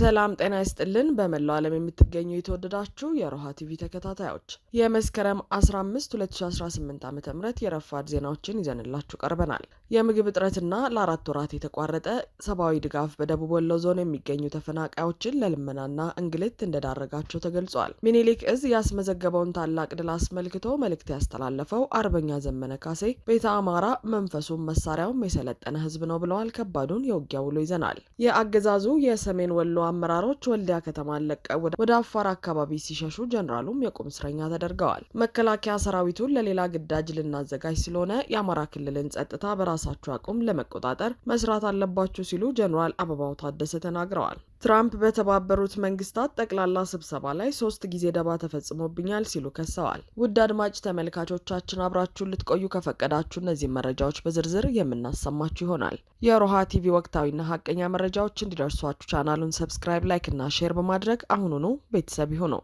ሰላም ጤና ይስጥልን። በመላው ዓለም የምትገኙ የተወደዳችሁ የሮሃ ቲቪ ተከታታዮች የመስከረም 15 2018 ዓ ም የረፋድ ዜናዎችን ይዘንላችሁ ቀርበናል። የምግብ እጥረትና ለአራት ወራት የተቋረጠ ሰብአዊ ድጋፍ በደቡብ ወሎ ዞን የሚገኙ ተፈናቃዮችን ለልመናና እንግልት እንደዳረጋቸው ተገልጿል። ሚኒሊክ እዝ ያስመዘገበውን ታላቅ ድል አስመልክቶ መልእክት ያስተላለፈው አርበኛ ዘመነ ካሴ ቤተ አማራ መንፈሱም መሳሪያውም የሰለጠነ ህዝብ ነው ብለዋል። ከባዱን የውጊያ ውሎ ይዘናል። የአገዛዙ የሰሜን ወሎ አመራሮች ወልዲያ ከተማን ለቀው ወደ አፋር አካባቢ ሲሸሹ ጀኔራሉም የቁም እስረኛ ተደርገዋል። መከላከያ ሰራዊቱን ለሌላ ግዳጅ ልናዘጋጅ ስለሆነ የአማራ ክልልን ጸጥታ በራሳቸው አቁም ለመቆጣጠር መስራት አለባቸው ሲሉ ጀኔራል አበባው ታደሰ ተናግረዋል። ትራምፕ በተባበሩት መንግስታት ጠቅላላ ስብሰባ ላይ ሶስት ጊዜ ደባ ተፈጽሞብኛል ሲሉ ከሰዋል። ውድ አድማጭ ተመልካቾቻችን አብራችሁን ልትቆዩ ከፈቀዳችሁ እነዚህ መረጃዎች በዝርዝር የምናሰማችሁ ይሆናል። የሮሃ ቲቪ ወቅታዊና ሀቀኛ መረጃዎች እንዲደርሷችሁ ቻናሉን ሰብስክራይብ፣ ላይክ እና ሼር በማድረግ አሁኑኑ ቤተሰብ ይሁኑ።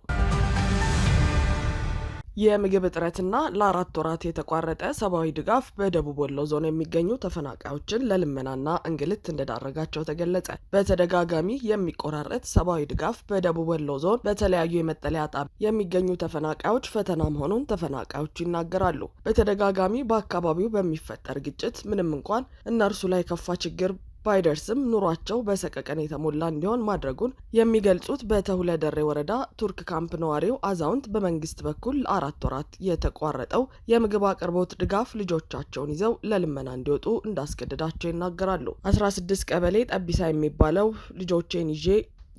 የምግብ እጥረትና ለአራት ወራት የተቋረጠ ሰብአዊ ድጋፍ በደቡብ ወሎ ዞን የሚገኙ ተፈናቃዮችን ለልመናና እንግልት እንደዳረጋቸው ተገለጸ። በተደጋጋሚ የሚቆራረጥ ሰብአዊ ድጋፍ በደቡብ ወሎ ዞን በተለያዩ የመጠለያ ጣቢያ የሚገኙ ተፈናቃዮች ፈተና መሆኑን ተፈናቃዮቹ ይናገራሉ። በተደጋጋሚ በአካባቢው በሚፈጠር ግጭት ምንም እንኳን እነርሱ ላይ ከፋ ችግር ባይደርስም ኑሯቸው በሰቀቀን የተሞላ እንዲሆን ማድረጉን የሚገልጹት በተሁለደሬ ወረዳ ቱርክ ካምፕ ነዋሪው አዛውንት በመንግስት በኩል ለአራት ወራት የተቋረጠው የምግብ አቅርቦት ድጋፍ ልጆቻቸውን ይዘው ለልመና እንዲወጡ እንዳስገደዳቸው ይናገራሉ። አስራ ስድስት ቀበሌ ጠቢሳ የሚባለው ልጆቼን ይዤ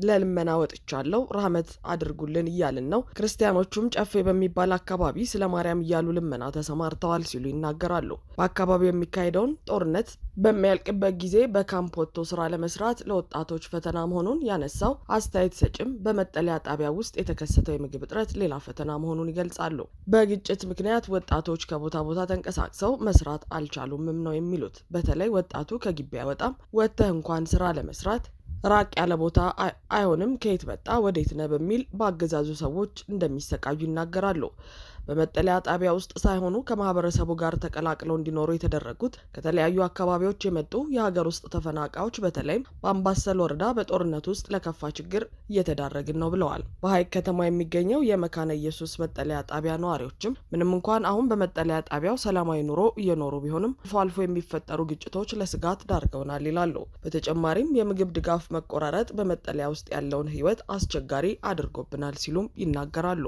ለልመና ወጥቻለሁ ራህመት አድርጉልን እያልን ነው። ክርስቲያኖቹም ጨፌ በሚባል አካባቢ ስለ ማርያም እያሉ ልመና ተሰማርተዋል ሲሉ ይናገራሉ። በአካባቢው የሚካሄደውን ጦርነት በሚያልቅበት ጊዜ በካምፕ ወጥቶ ስራ ለመስራት ለወጣቶች ፈተና መሆኑን ያነሳው አስተያየት ሰጭም በመጠለያ ጣቢያ ውስጥ የተከሰተው የምግብ እጥረት ሌላ ፈተና መሆኑን ይገልጻሉ። በግጭት ምክንያት ወጣቶች ከቦታ ቦታ ተንቀሳቅሰው መስራት አልቻሉምም ነው የሚሉት። በተለይ ወጣቱ ከግቢ አይወጣም፣ ወጥተህ እንኳን ስራ ለመስራት ራቅ ያለ ቦታ አይሆንም፣ ከየት መጣ ወዴት ነ በሚል በአገዛዙ ሰዎች እንደሚሰቃዩ ይናገራሉ። በመጠለያ ጣቢያ ውስጥ ሳይሆኑ ከማህበረሰቡ ጋር ተቀላቅለው እንዲኖሩ የተደረጉት ከተለያዩ አካባቢዎች የመጡ የሀገር ውስጥ ተፈናቃዮች በተለይም በአምባሰል ወረዳ በጦርነት ውስጥ ለከፋ ችግር እየተዳረግን ነው ብለዋል። በሀይቅ ከተማ የሚገኘው የመካነ ኢየሱስ መጠለያ ጣቢያ ነዋሪዎችም ምንም እንኳን አሁን በመጠለያ ጣቢያው ሰላማዊ ኑሮ እየኖሩ ቢሆንም አልፎ አልፎ የሚፈጠሩ ግጭቶች ለስጋት ዳርገውናል ይላሉ። በተጨማሪም የምግብ ድጋፍ መቆራረጥ በመጠለያ ውስጥ ያለውን ህይወት አስቸጋሪ አድርጎብናል ሲሉም ይናገራሉ።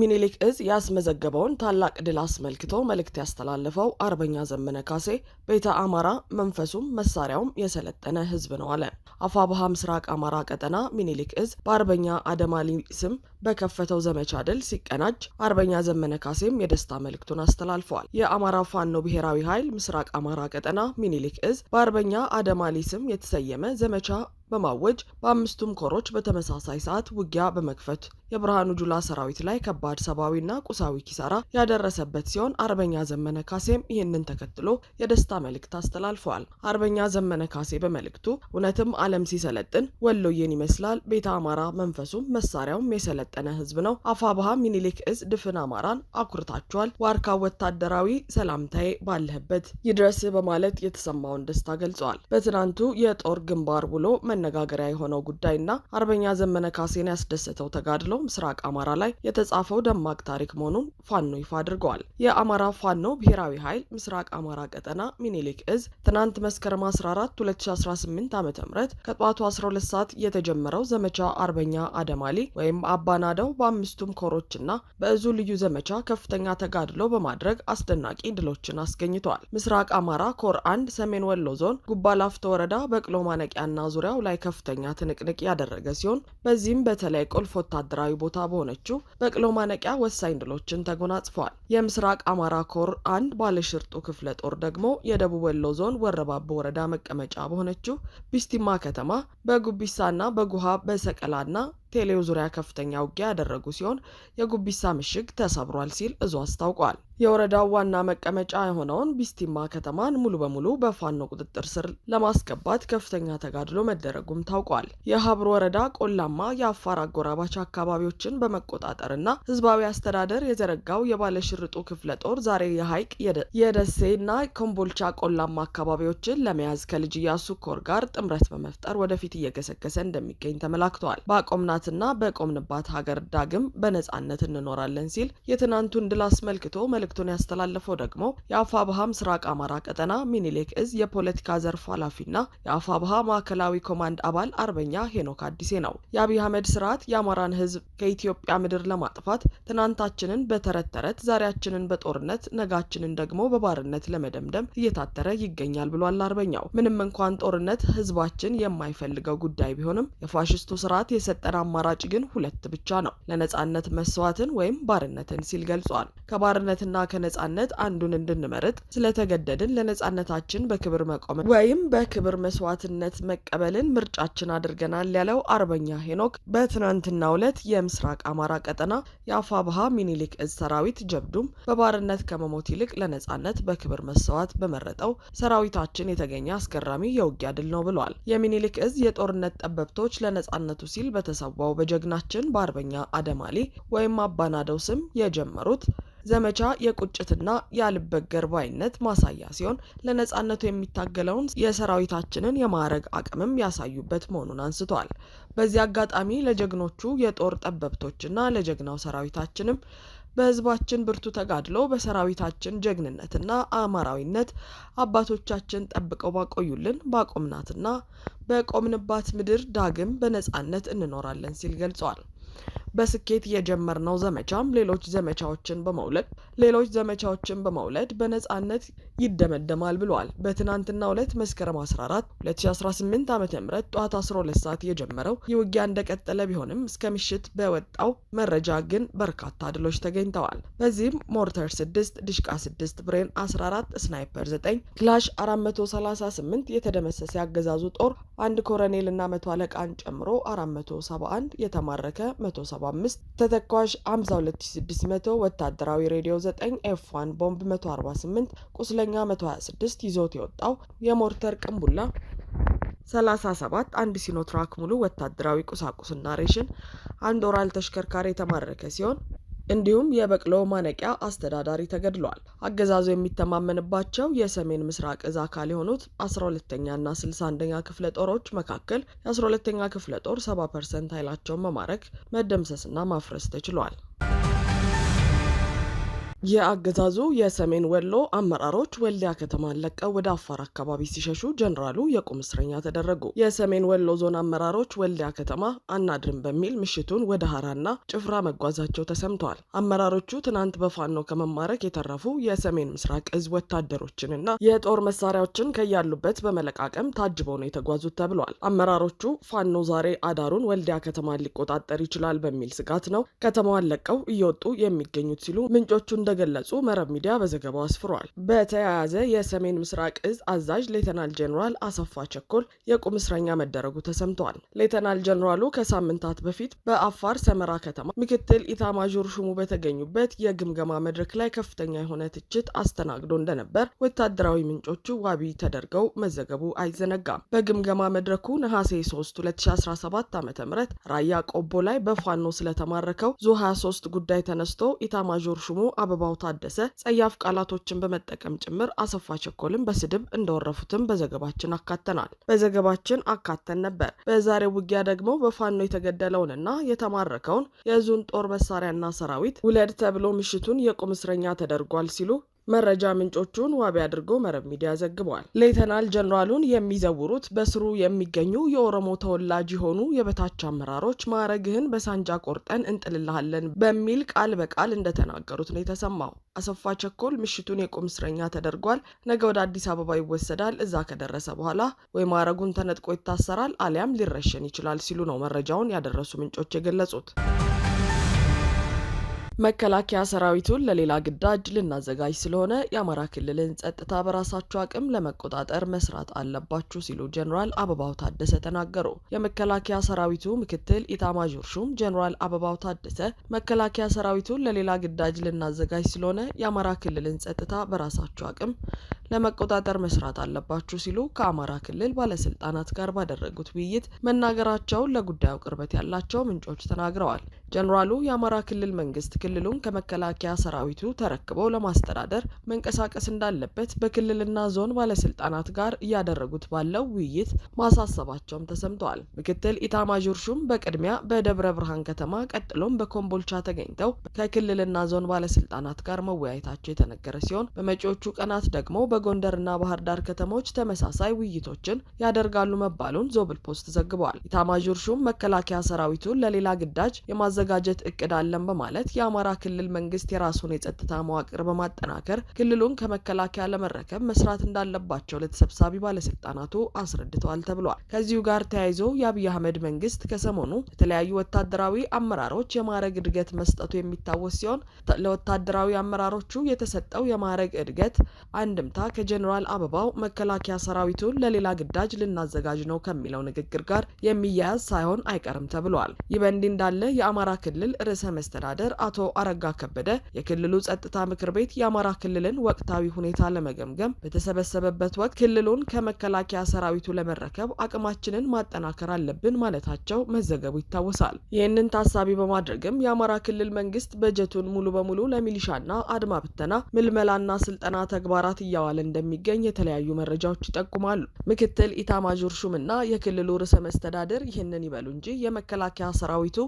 ሚኒሊክ እዝ ያስመዘገበውን ታላቅ ድል አስመልክቶ መልእክት ያስተላለፈው አርበኛ ዘመነ ካሴ ቤተ አማራ መንፈሱም መሳሪያውም የሰለጠነ ህዝብ ነው አለ። አፋብሃ ምስራቅ አማራ ቀጠና ሚኒሊክ እዝ በአርበኛ አደማሊ ስም በከፈተው ዘመቻ ድል ሲቀናጅ አርበኛ ዘመነ ካሴም የደስታ መልእክቱን አስተላልፈዋል። የአማራ ፋኖ ብሔራዊ ኃይል ምስራቅ አማራ ቀጠና ሚኒሊክ እዝ በአርበኛ አደማሊ ስም የተሰየመ ዘመቻ በማወጅ በአምስቱም ኮሮች በተመሳሳይ ሰዓት ውጊያ በመክፈት የብርሃኑ ጁላ ሰራዊት ላይ ከባድ ሰብአዊና ቁሳዊ ኪሳራ ያደረሰበት ሲሆን አርበኛ ዘመነ ካሴም ይህንን ተከትሎ የደስታ መልእክት አስተላልፈዋል። አርበኛ ዘመነ ካሴ በመልእክቱ እውነትም ዓለም ሲሰለጥን ወሎዬን ይመስላል ቤተ አማራ መንፈሱም መሳሪያውም የሰለጥ የሰለጠነ ህዝብ ነው። አፋብሃ ሚኒሊክ እዝ ድፍን አማራን አኩርታችኋል። ዋርካ ወታደራዊ ሰላምታዬ ባለህበት ይድረስ በማለት የተሰማውን ደስታ ገልጸዋል። በትናንቱ የጦር ግንባር ውሎ መነጋገሪያ የሆነው ጉዳይና አርበኛ ዘመነ ካሴን ያስደሰተው ተጋድሎ ምስራቅ አማራ ላይ የተጻፈው ደማቅ ታሪክ መሆኑን ፋኖ ይፋ አድርገዋል። የአማራ ፋኖ ብሔራዊ ኃይል ምስራቅ አማራ ቀጠና ሚኒሊክ እዝ ትናንት መስከረም 14 2018 ዓ ም ከጠዋቱ 12 ሰዓት የተጀመረው ዘመቻ አርበኛ አደማሊ ወይም አባ ካናዳው በአምስቱም ኮሮችና በእዙ ልዩ ዘመቻ ከፍተኛ ተጋድሎ በማድረግ አስደናቂ ድሎችን አስገኝቷል። ምስራቅ አማራ ኮር አንድ ሰሜን ወሎ ዞን ጉባ ወረዳ በቅሎ ማነቂያና ዙሪያው ላይ ከፍተኛ ትንቅንቅ ያደረገ ሲሆን በዚህም በተለይ ቁልፍ ወታደራዊ ቦታ በሆነችው በቅሎ ማነቂያ ወሳኝ ድሎችን ተጎናጽፏል። የምስራቅ አማራ ኮር አንድ ባለሽርጡ ክፍለ ጦር ደግሞ የደቡብ ወሎ ዞን ወረባቦ ወረዳ መቀመጫ በሆነችው ቢስቲማ ከተማ በጉቢሳና በጉሃ በሰቀላና ቴሌው ዙሪያ ከፍተኛ ውጊያ ያደረጉ ሲሆን የጉቢሳ ምሽግ ተሰብሯል ሲል እዙ አስታውቋል። የወረዳው ዋና መቀመጫ የሆነውን ቢስቲማ ከተማን ሙሉ በሙሉ በፋኖ ቁጥጥር ስር ለማስገባት ከፍተኛ ተጋድሎ መደረጉም ታውቋል። የሀብር ወረዳ ቆላማ የአፋር አጎራባች አካባቢዎችን በመቆጣጠርና ህዝባዊ አስተዳደር የዘረጋው የባለሽርጡ ክፍለ ጦር ዛሬ የሀይቅ የደሴና ኮምቦልቻ ቆላማ አካባቢዎችን ለመያዝ ከልጅ እያሱ ኮር ጋር ጥምረት በመፍጠር ወደፊት እየገሰገሰ እንደሚገኝ ተመላክተዋል። በአቆምናትና በቆምንባት ሀገር ዳግም በነጻነት እንኖራለን ሲል የትናንቱን ድል አስመልክቶ መልእክቱን ያስተላለፈው ደግሞ የአፋ ባሃ ምስራቅ አማራ ቀጠና ሚኒሌክ እዝ የፖለቲካ ዘርፍ ኃላፊና የአፋ ባሃ ማዕከላዊ ኮማንድ አባል አርበኛ ሄኖክ አዲሴ ነው። የአብይ አህመድ ስርዓት የአማራን ህዝብ ከኢትዮጵያ ምድር ለማጥፋት ትናንታችንን በተረት ተረት፣ ዛሬያችንን በጦርነት ነጋችንን ደግሞ በባርነት ለመደምደም እየታተረ ይገኛል ብሏል አርበኛው። ምንም እንኳን ጦርነት ህዝባችን የማይፈልገው ጉዳይ ቢሆንም የፋሽስቱ ስርዓት የሰጠን አማራጭ ግን ሁለት ብቻ ነው፣ ለነጻነት መስዋዕትን ወይም ባርነትን ሲል ገልጿል። ከባርነትና ከሞትና ከነጻነት አንዱን እንድንመርጥ ስለተገደድን ለነጻነታችን በክብር መቆምን ወይም በክብር መስዋዕትነት መቀበልን ምርጫችን አድርገናል ያለው አርበኛ ሄኖክ በትናንትናው ዕለት የምስራቅ አማራ ቀጠና የአፋብሃ ሚኒሊክ እዝ ሰራዊት ጀብዱም በባርነት ከመሞት ይልቅ ለነጻነት በክብር መሰዋት በመረጠው ሰራዊታችን የተገኘ አስገራሚ የውጊያ ድል ነው ብሏል። የሚኒሊክ እዝ የጦርነት ጠበብቶች ለነጻነቱ ሲል በተሰዋው በጀግናችን በአርበኛ አደማሊ ወይም አባናደው ስም የጀመሩት ዘመቻ የቁጭትና ያልበገር ባይነት ማሳያ ሲሆን ለነጻነቱ የሚታገለውን የሰራዊታችንን የማዕረግ አቅምም ያሳዩበት መሆኑን አንስቷል። በዚህ አጋጣሚ ለጀግኖቹ የጦር ጠበብቶችና ለጀግናው ሰራዊታችንም በህዝባችን ብርቱ ተጋድሎ በሰራዊታችን ጀግንነትና አማራዊነት አባቶቻችን ጠብቀው ባቆዩልን ባቆምናትና በቆምንባት ምድር ዳግም በነጻነት እንኖራለን ሲል ገልጿል። በስኬት የጀመርነው ዘመቻም ሌሎች ዘመቻዎችን በመውለድ ሌሎች ዘመቻዎችን በመውለድ በነጻነት ይደመደማል ብለዋል። በትናንትናው ዕለት መስከረም 14 2018 ዓ ም ጠዋት 12 ሰዓት የጀመረው የውጊያ እንደቀጠለ ቢሆንም እስከ ምሽት በወጣው መረጃ ግን በርካታ ድሎች ተገኝተዋል። በዚህም ሞርተር 6፣ ድሽቃ 6፣ ብሬን 14፣ ስናይፐር 9፣ ክላሽ 438 የተደመሰሰ ያገዛዙ ጦር አንድ ኮረኔልና መቶ አለቃን ጨምሮ 471 የተማረከ 175 ተተኳሽ 52600 ወታደራዊ ሬዲዮ 9 ኤፍ 1 ቦምብ 148 ቁስለኛ 126 ይዞት የወጣው የሞርተር ቅንቡላ 37 አንድ ሲኖትራክ ሙሉ ወታደራዊ ቁሳቁስና ሬሽን አንድ ኦራል ተሽከርካሪ የተማረከ ሲሆን እንዲሁም የበቅሎ ማነቂያ አስተዳዳሪ ተገድሏል። አገዛዙ የሚተማመንባቸው የሰሜን ምስራቅ እዝ አካል የሆኑት 12ኛና 61ኛ ክፍለ ጦሮች መካከል የ12ኛ ክፍለ ጦር 70 ፐርሰንት ኃይላቸውን መማረክ መደምሰስና ማፍረስ ተችሏል። የአገዛዙ የሰሜን ወሎ አመራሮች ወልዲያ ከተማን ለቀው ወደ አፋር አካባቢ ሲሸሹ ጀኔራሉ የቁም እስረኛ ተደረጉ። የሰሜን ወሎ ዞን አመራሮች ወልዲያ ከተማ አናድርም በሚል ምሽቱን ወደ ሀራና ጭፍራ መጓዛቸው ተሰምተዋል። አመራሮቹ ትናንት በፋኖ ከመማረክ የተረፉ የሰሜን ምስራቅ እዝ ወታደሮችንና የጦር መሳሪያዎችን ከያሉበት በመለቃቀም ታጅበው ነው የተጓዙት ተብሏል። አመራሮቹ ፋኖ ዛሬ አዳሩን ወልዲያ ከተማን ሊቆጣጠር ይችላል በሚል ስጋት ነው ከተማዋን ለቀው እየወጡ የሚገኙት ሲሉ ምንጮቹ እንደ እንደገለጹ መረብ ሚዲያ በዘገባው አስፍሯል። በተያያዘ የሰሜን ምስራቅ እዝ አዛዥ ሌተናል ጄኔራል አሰፋ ቸኮል የቁም እስረኛ መደረጉ ተሰምተዋል። ሌተናል ጄኔራሉ ከሳምንታት በፊት በአፋር ሰመራ ከተማ ምክትል ኢታማዦር ሹሙ በተገኙበት የግምገማ መድረክ ላይ ከፍተኛ የሆነ ትችት አስተናግዶ እንደነበር ወታደራዊ ምንጮቹ ዋቢ ተደርገው መዘገቡ አይዘነጋም። በግምገማ መድረኩ ነሐሴ 3 2017 ዓ ም ራያ ቆቦ ላይ በፋኖ ስለተማረከው ዙ 23 ጉዳይ ተነስቶ ኢታማዦር ሹሙ አበባ አበባው ታደሰ ጸያፍ ቃላቶችን በመጠቀም ጭምር አሰፋ ቸኮልን በስድብ እንደወረፉትም በዘገባችን አካተናል በዘገባችን አካተን ነበር። በዛሬው ውጊያ ደግሞ በፋኖ የተገደለውንና የተማረከውን የዙን ጦር መሳሪያና ሰራዊት ውለድ ተብሎ ምሽቱን የቁም እስረኛ ተደርጓል ሲሉ መረጃ ምንጮቹን ዋቢ አድርጎ መረብ ሚዲያ ዘግቧል። ሌተናል ጀኔራሉን የሚዘውሩት በስሩ የሚገኙ የኦሮሞ ተወላጅ የሆኑ የበታች አመራሮች ማዕረግህን በሳንጃ ቆርጠን እንጥልልሃለን በሚል ቃል በቃል እንደተናገሩት ነው የተሰማው። አሰፋ ቸኮል ምሽቱን የቁም እስረኛ ተደርጓል። ነገ ወደ አዲስ አበባ ይወሰዳል። እዛ ከደረሰ በኋላ ወይ ማዕረጉን ተነጥቆ ይታሰራል አሊያም ሊረሸን ይችላል ሲሉ ነው መረጃውን ያደረሱ ምንጮች የገለጹት። መከላከያ ሰራዊቱን ለሌላ ግዳጅ ልናዘጋጅ ስለሆነ የአማራ ክልልን ጸጥታ በራሳችሁ አቅም ለመቆጣጠር መስራት አለባችሁ ሲሉ ጀኔራል አበባው ታደሰ ተናገሩ። የመከላከያ ሰራዊቱ ምክትል ኢታማዦር ሹም ጀኔራል አበባው ታደሰ መከላከያ ሰራዊቱን ለሌላ ግዳጅ ልናዘጋጅ ስለሆነ የአማራ ክልልን ጸጥታ በራሳችሁ አቅም ለመቆጣጠር መስራት አለባችሁ ሲሉ ከአማራ ክልል ባለስልጣናት ጋር ባደረጉት ውይይት መናገራቸውን ለጉዳዩ ቅርበት ያላቸው ምንጮች ተናግረዋል። ጀኔራሉ የአማራ ክልል መንግስት ክልሉን ከመከላከያ ሰራዊቱ ተረክበው ለማስተዳደር መንቀሳቀስ እንዳለበት በክልልና ዞን ባለስልጣናት ጋር እያደረጉት ባለው ውይይት ማሳሰባቸውም ተሰምተዋል። ምክትል ኢታማዦር ሹም በቅድሚያ በደብረ ብርሃን ከተማ ቀጥሎም በኮምቦልቻ ተገኝተው ከክልልና ዞን ባለስልጣናት ጋር መወያየታቸው የተነገረ ሲሆን በመጪዎቹ ቀናት ደግሞ በጎንደርና ባህር ዳር ከተሞች ተመሳሳይ ውይይቶችን ያደርጋሉ መባሉን ዞብል ፖስት ዘግበዋል። ኢታማዦር ሹም መከላከያ ሰራዊቱን ለሌላ ግዳጅ የማዘ የማዘጋጀት እቅድ አለን በማለት የአማራ ክልል መንግስት የራሱን የጸጥታ መዋቅር በማጠናከር ክልሉን ከመከላከያ ለመረከብ መስራት እንዳለባቸው ለተሰብሳቢ ባለስልጣናቱ አስረድተዋል ተብሏል። ከዚሁ ጋር ተያይዞ የአብይ አህመድ መንግስት ከሰሞኑ የተለያዩ ወታደራዊ አመራሮች የማዕረግ እድገት መስጠቱ የሚታወስ ሲሆን ለወታደራዊ አመራሮቹ የተሰጠው የማዕረግ እድገት አንድምታ ከጀኔራል አበባው መከላከያ ሰራዊቱን ለሌላ ግዳጅ ልናዘጋጅ ነው ከሚለው ንግግር ጋር የሚያያዝ ሳይሆን አይቀርም ተብሏል። ይህ በእንዲህ እንዳለ የአማራ ክልል ርዕሰ መስተዳደር አቶ አረጋ ከበደ የክልሉ ጸጥታ ምክር ቤት የአማራ ክልልን ወቅታዊ ሁኔታ ለመገምገም በተሰበሰበበት ወቅት ክልሉን ከመከላከያ ሰራዊቱ ለመረከብ አቅማችንን ማጠናከር አለብን ማለታቸው መዘገቡ ይታወሳል። ይህንን ታሳቢ በማድረግም የአማራ ክልል መንግስት በጀቱን ሙሉ በሙሉ ለሚሊሻና አድማ ብተና ምልመላና ስልጠና ተግባራት እያዋለ እንደሚገኝ የተለያዩ መረጃዎች ይጠቁማሉ። ምክትል ኢታማዦር ሹምና የክልሉ ርዕሰ መስተዳደር ይህንን ይበሉ እንጂ የመከላከያ ሰራዊቱ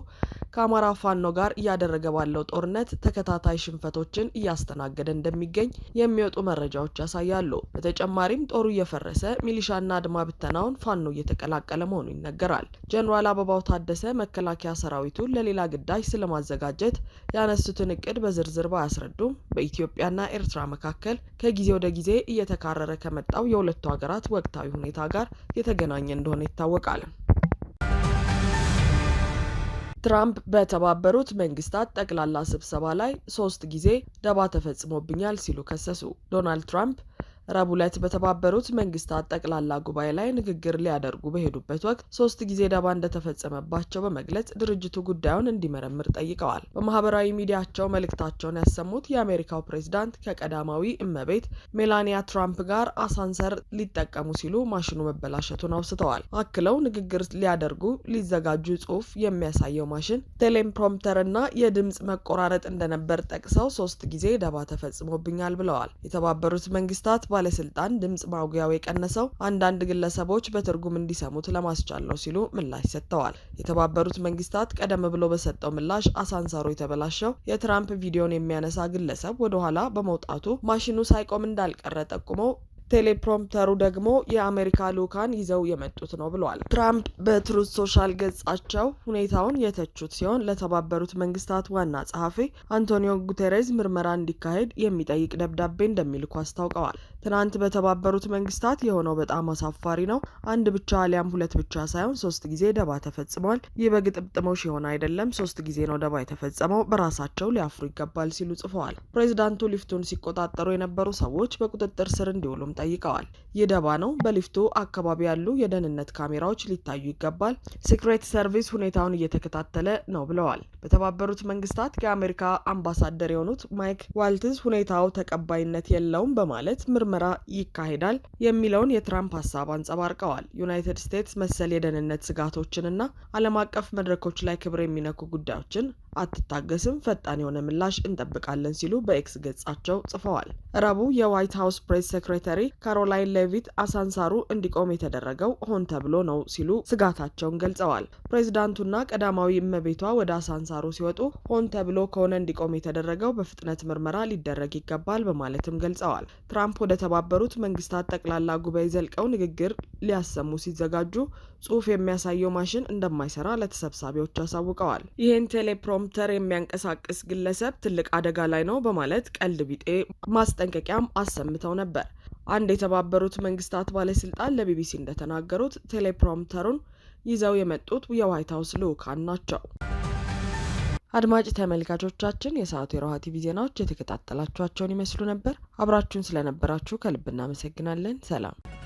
ከአማራ ፋኖ ጋር እያደረገ ባለው ጦርነት ተከታታይ ሽንፈቶችን እያስተናገደ እንደሚገኝ የሚወጡ መረጃዎች ያሳያሉ። በተጨማሪም ጦሩ እየፈረሰ ሚሊሻና አድማ ብተናውን ፋኖ እየተቀላቀለ መሆኑ ይነገራል። ጀኔራል አበባው ታደሰ መከላከያ ሰራዊቱን ለሌላ ግዳጅ ስለማዘጋጀት ያነሱትን እቅድ በዝርዝር ባያስረዱም በኢትዮጵያና ኤርትራ መካከል ከጊዜ ወደ ጊዜ እየተካረረ ከመጣው የሁለቱ ሀገራት ወቅታዊ ሁኔታ ጋር የተገናኘ እንደሆነ ይታወቃል። ትራምፕ በተባበሩት መንግስታት ጠቅላላ ስብሰባ ላይ ሶስት ጊዜ ደባ ተፈጽሞብኛል ሲሉ ከሰሱ። ዶናልድ ትራምፕ ረቡዕ ዕለት በተባበሩት መንግስታት ጠቅላላ ጉባኤ ላይ ንግግር ሊያደርጉ በሄዱበት ወቅት ሶስት ጊዜ ደባ እንደተፈጸመባቸው በመግለጽ ድርጅቱ ጉዳዩን እንዲመረምር ጠይቀዋል። በማህበራዊ ሚዲያቸው መልእክታቸውን ያሰሙት የአሜሪካው ፕሬዚዳንት ከቀዳማዊ እመቤት ሜላኒያ ትራምፕ ጋር አሳንሰር ሊጠቀሙ ሲሉ ማሽኑ መበላሸቱን አውስተዋል። አክለው ንግግር ሊያደርጉ ሊዘጋጁ ጽሁፍ የሚያሳየው ማሽን ቴሌምፕሮምተር እና የድምፅ መቆራረጥ እንደነበር ጠቅሰው ሶስት ጊዜ ደባ ተፈጽሞብኛል ብለዋል። የተባበሩት መንግስታት ባለስልጣን ድምፅ ማጉያው የቀነሰው አንዳንድ ግለሰቦች በትርጉም እንዲሰሙት ለማስቻል ነው ሲሉ ምላሽ ሰጥተዋል። የተባበሩት መንግስታት ቀደም ብሎ በሰጠው ምላሽ አሳንሰሩ የተበላሸው የትራምፕ ቪዲዮን የሚያነሳ ግለሰብ ወደ ኋላ በመውጣቱ ማሽኑ ሳይቆም እንዳልቀረ ጠቁመው ቴሌፕሮምተሩ ደግሞ የአሜሪካ ልዑካን ይዘው የመጡት ነው ብለዋል። ትራምፕ በትሩዝ ሶሻል ገጻቸው ሁኔታውን የተቹት ሲሆን ለተባበሩት መንግስታት ዋና ጸሐፊ አንቶኒዮ ጉቴሬዝ ምርመራ እንዲካሄድ የሚጠይቅ ደብዳቤ እንደሚልኩ አስታውቀዋል። ትናንት በተባበሩት መንግስታት የሆነው በጣም አሳፋሪ ነው። አንድ ብቻ አሊያም ሁለት ብቻ ሳይሆን ሶስት ጊዜ ደባ ተፈጽሟል። ይህ በግጥምጥሞሽ የሆነ አይደለም። ሶስት ጊዜ ነው ደባ የተፈጸመው። በራሳቸው ሊያፍሩ ይገባል ሲሉ ጽፈዋል። ፕሬዚዳንቱ ሊፍቱን ሲቆጣጠሩ የነበሩ ሰዎች በቁጥጥር ስር እንዲውሉም እንዲያስቆም ጠይቀዋል። ይህ ደባ ነው። በሊፍቱ አካባቢ ያሉ የደህንነት ካሜራዎች ሊታዩ ይገባል። ሲክሬት ሰርቪስ ሁኔታውን እየተከታተለ ነው ብለዋል። በተባበሩት መንግስታት የአሜሪካ አምባሳደር የሆኑት ማይክ ዋልትዝ ሁኔታው ተቀባይነት የለውም በማለት ምርመራ ይካሄዳል የሚለውን የትራምፕ ሀሳብ አንጸባርቀዋል። ዩናይትድ ስቴትስ መሰል የደህንነት ስጋቶችንና ዓለም አቀፍ መድረኮች ላይ ክብር የሚነኩ ጉዳዮችን አትታገስም፣ ፈጣን የሆነ ምላሽ እንጠብቃለን ሲሉ በኤክስ ገጻቸው ጽፈዋል። ረቡዕ የዋይት ሀውስ ፕሬስ ሴክሬታሪ ካሮላይን ሌቪት አሳንሳሩ እንዲቆም የተደረገው ሆን ተብሎ ነው ሲሉ ስጋታቸውን ገልጸዋል። ፕሬዚዳንቱና ቀዳማዊ እመቤቷ ወደ አሳንሳሩ ሲወጡ ሆን ተብሎ ከሆነ እንዲቆም የተደረገው በፍጥነት ምርመራ ሊደረግ ይገባል በማለትም ገልጸዋል። ትራምፕ ወደ ተባበሩት መንግስታት ጠቅላላ ጉባኤ ዘልቀው ንግግር ሊያሰሙ ሲዘጋጁ ጽሑፍ የሚያሳየው ማሽን እንደማይሰራ ለተሰብሳቢዎች አሳውቀዋል። ይህን ቴሌፕሮም ኮምፒውተር የሚያንቀሳቅስ ግለሰብ ትልቅ አደጋ ላይ ነው በማለት ቀልድ ቢጤ ማስጠንቀቂያም አሰምተው ነበር። አንድ የተባበሩት መንግስታት ባለስልጣን ለቢቢሲ እንደተናገሩት ቴሌፕሮምተሩን ይዘው የመጡት የዋይት ሀውስ ልዑካን ናቸው። አድማጭ ተመልካቾቻችን የሰዓቱ የሮሃ ቲቪ ዜናዎች የተከታተላችኋቸውን ይመስሉ ነበር። አብራችሁን ስለነበራችሁ ከልብ እናመሰግናለን። ሰላም